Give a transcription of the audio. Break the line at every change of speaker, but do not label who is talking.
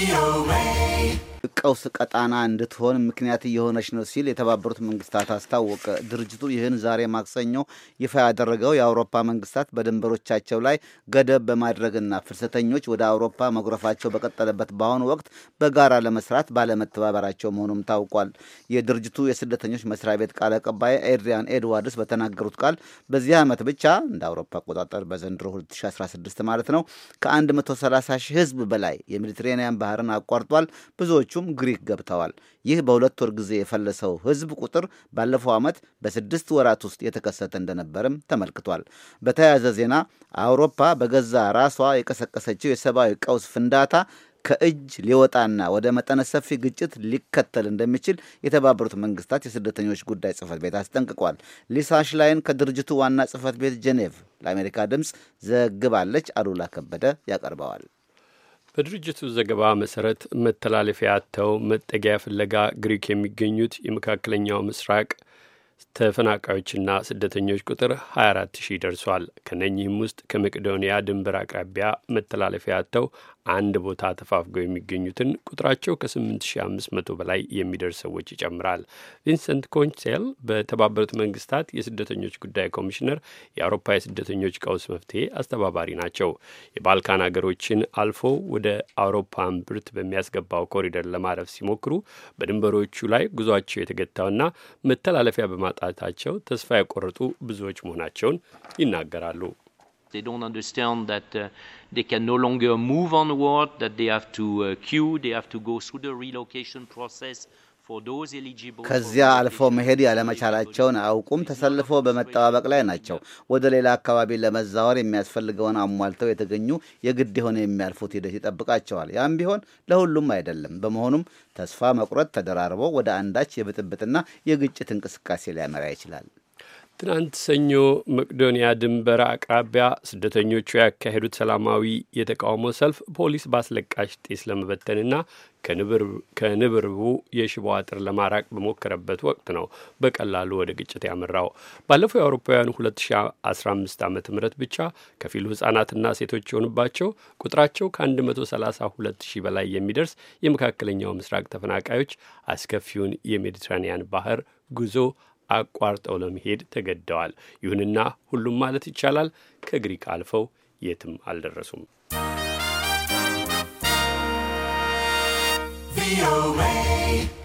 Radio. ቀውስ ቀጣና እንድትሆን ምክንያት እየሆነች ነው ሲል የተባበሩት መንግስታት አስታወቀ። ድርጅቱ ይህን ዛሬ ማክሰኞ ይፋ ያደረገው የአውሮፓ መንግስታት በድንበሮቻቸው ላይ ገደብ በማድረግና ፍልሰተኞች ወደ አውሮፓ መጉረፋቸው በቀጠለበት በአሁኑ ወቅት በጋራ ለመስራት ባለመተባበራቸው መሆኑም ታውቋል። የድርጅቱ የስደተኞች መስሪያ ቤት ቃል አቀባይ ኤድሪያን ኤድዋርድስ በተናገሩት ቃል በዚህ ዓመት ብቻ እንደ አውሮፓ አቆጣጠር በዘንድሮ 2016 ማለት ነው ከ130 ሺህ ህዝብ በላይ የሜዲትሬንያን ባህርን አቋርጧል ብዙዎች ብዙዎቹም ግሪክ ገብተዋል። ይህ በሁለት ወር ጊዜ የፈለሰው ህዝብ ቁጥር ባለፈው ዓመት በስድስት ወራት ውስጥ የተከሰተ እንደነበርም ተመልክቷል። በተያያዘ ዜና አውሮፓ በገዛ ራሷ የቀሰቀሰችው የሰብአዊ ቀውስ ፍንዳታ ከእጅ ሊወጣና ወደ መጠነ ሰፊ ግጭት ሊከተል እንደሚችል የተባበሩት መንግስታት የስደተኞች ጉዳይ ጽህፈት ቤት አስጠንቅቋል። ሊሳ ሽላይን ከድርጅቱ ዋና ጽህፈት ቤት ጄኔቭ ለአሜሪካ ድምፅ ዘግባለች። አሉላ ከበደ ያቀርበዋል።
በድርጅቱ ዘገባ መሰረት መተላለፊያ አጥተው መጠጊያ ፍለጋ ግሪክ የሚገኙት የመካከለኛው ምስራቅ ተፈናቃዮችና ስደተኞች ቁጥር 24 ሺህ ደርሷል። ከነኚህም ውስጥ ከመቄዶንያ ድንበር አቅራቢያ መተላለፊያ አጥተው አንድ ቦታ ተፋፍገው የሚገኙትን ቁጥራቸው ከ8500 በላይ የሚደርስ ሰዎች ይጨምራል። ቪንሰንት ኮንሴል በተባበሩት መንግስታት የስደተኞች ጉዳይ ኮሚሽነር የአውሮፓ የስደተኞች ቀውስ መፍትሄ አስተባባሪ ናቸው። የባልካን አገሮችን አልፎ ወደ አውሮፓ ብርት በሚያስገባው ኮሪደር ለማረፍ ሲሞክሩ በድንበሮቹ ላይ ጉዟቸው የተገታውና መተላለፊያ በማ በማጣታቸው ተስፋ የቆረጡ ብዙዎች መሆናቸውን ይናገራሉ። They don't understand that uh, they can no longer move onward, that they have to uh, queue, they have to go through the relocation process. ከዚያ
አልፎ መሄድ ያለመቻላቸውን አያውቁም። ተሰልፎ በመጠባበቅ ላይ ናቸው። ወደ ሌላ አካባቢ ለመዛወር የሚያስፈልገውን አሟልተው የተገኙ የግድ የሆነ የሚያልፉት ሂደት ይጠብቃቸዋል። ያም ቢሆን ለሁሉም አይደለም። በመሆኑም ተስፋ መቁረጥ ተደራርቦ ወደ አንዳች የብጥብጥና የግጭት እንቅስቃሴ ሊያመራ ይችላል።
ትናንት ሰኞ መቅዶንያ ድንበር አቅራቢያ ስደተኞቹ ያካሄዱት ሰላማዊ የተቃውሞ ሰልፍ ፖሊስ ባስለቃሽ ጤስ ለመበተንና ከንብርቡ የሽቦ አጥር ለማራቅ በሞከረበት ወቅት ነው በቀላሉ ወደ ግጭት ያመራው። ባለፈው የአውሮፓውያኑ 2015 ዓ ም ብቻ ከፊሉ ህጻናትና ሴቶች የሆኑባቸው ቁጥራቸው ከ132 ሺህ በላይ የሚደርስ የመካከለኛው ምስራቅ ተፈናቃዮች አስከፊውን የሜዲትራኒያን ባህር ጉዞ አቋርጠው ለመሄድ ተገደዋል። ይሁንና ሁሉም ማለት ይቻላል ከግሪክ አልፈው የትም አልደረሱም።
ቪኦኤ